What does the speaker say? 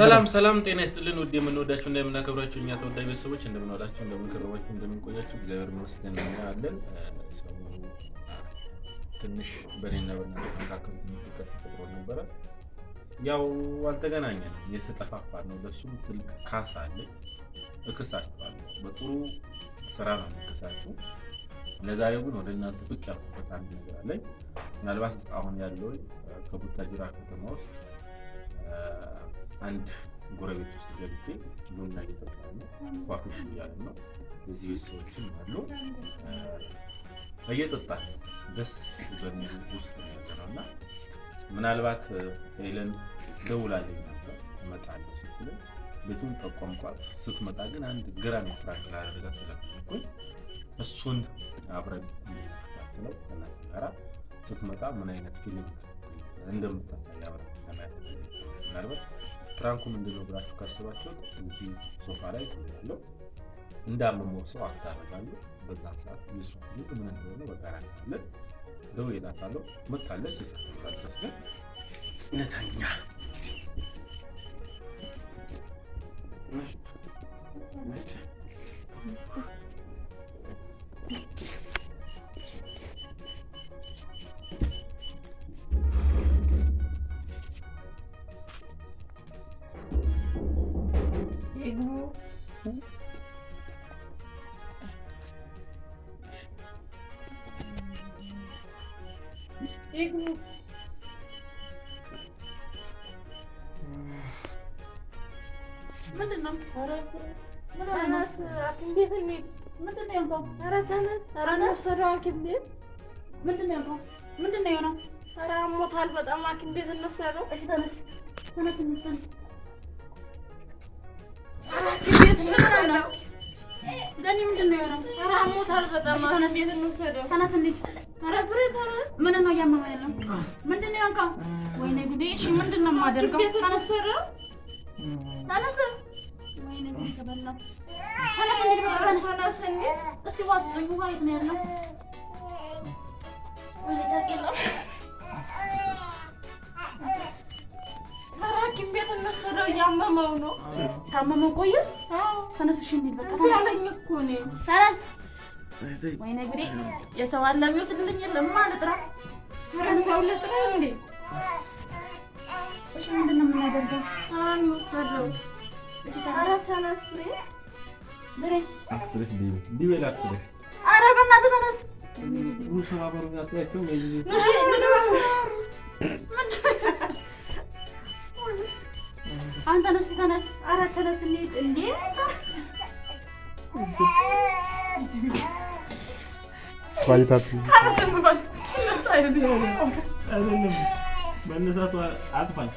ሰላም ሰላም፣ ጤና ይስጥልን ውድ የምንወዳችሁ እና የምናከብራችሁ እኛ ተወዳጅ ቤተሰቦች እንደምንዋላችሁ፣ እንደምንከረባችሁ፣ እንደምንቆያችሁ እግዚአብሔር ይመስገን አለን። ትንሽ በኔና በእናንተ መካከል ትንሽ ተፈጥሮ ነበረ። ያው አልተገናኘንም፣ የተጠፋፋ ነው። ለሱም ትልቅ ካስ አለ፣ እክሳችኋለሁ። በጥሩ ስራ ነው የምክሳችሁ። ለዛሬው ግን ወደ እናንተ ብቅ ያልኩበት አንድ ነገር አለኝ። ምናልባት አሁን ያለው ከቡታጅራ ከተማ ውስጥ አንድ ጎረቤት ውስጥ ገብቼ ቡና እየጠጣ ነው። ኳኩሽ እያሉ ነው። የዚህ ቤት ሰዎችም አሉ። እየጠጣ ደስ በሚል ውስጥ ነው ያለነው እና ምናልባት ሄለን ደውላልኝ ነበር እመጣለሁ ስትለኝ ቤቱን ጠቆምኳት። ስትመጣ ግን አንድ ግራ ሚትራክል አደረጋ ስለምንኩኝ እሱን አብረን የሚያከታትለው ከእናንተ ጋራ ስትመጣ ምን አይነት ፊልም እንደምታሳይ አብረን ለማየት ምናልባት ፕራንኩ ምንድን ነው ብላችሁ ካስባችሁት እዚህ ሶፋ ላይ ያለው እንዳመመው ሰው አታረጋሉ። በዛን ሰዓት ይሱ ምን እንደሆነ በጋራ ደው ደውዬላታለሁ። መታለች የሰ ግን እውነተኛ ابنه ابنه ምንድነው? አናስ ሐኪም ቤት እንሂድ። ምንድነው ያልከው? ኧረ ተነስ። አናስ ወሰደው ሐኪም ቤት። ምንድነው ያልከው? ምንድነው የሆነው? ኧረ አሞታል በጣም ሐኪም ቤት እንወሰደው። እሺ ተነስ፣ ተነስ፣ ተነስ ነው ገኒ ምንድን ነው የሆነው? ኧረ አሞታል በጣም ተነስ፣ ተነስ እንሂድ። ኧረ ብሬ ተነስ። ምንድን ነው እያመመኝ ያለው? ምንድን ነው ያንካ? ወይኔ ጉዴ! እሺ ምንድን ነው የማደርገው? ተነስ፣ ተነስ። ወይኔ ጉዴ! በእናትህ ተነስ እንሂድ፣ ተነስ እንሂድ። እስኪ ዋስጡኝ፣ ውሃ የት ነው ያለው? ወይኔ ጨርቄ ነው እያመመው ነው። ታመመው ቆየ። ተነስሽ እንሂድ። በቃ ያለኝ እኮ ነው። ተነስ። ወይ ነግሬ የሰው አለ የሚወስድልኝ የለም። ልጥራ? ሰው ልጥራ እንዴ? እሺ፣ ምንድን ነው የምናደርገው? ኧረ ተነስ ብሬ፣ ኧረ በእናትህ አሁን ተነስ ተነስ፣ ኧረ ተነስ እንሂድ። እንዴ መነሳቱ አጥፋኝ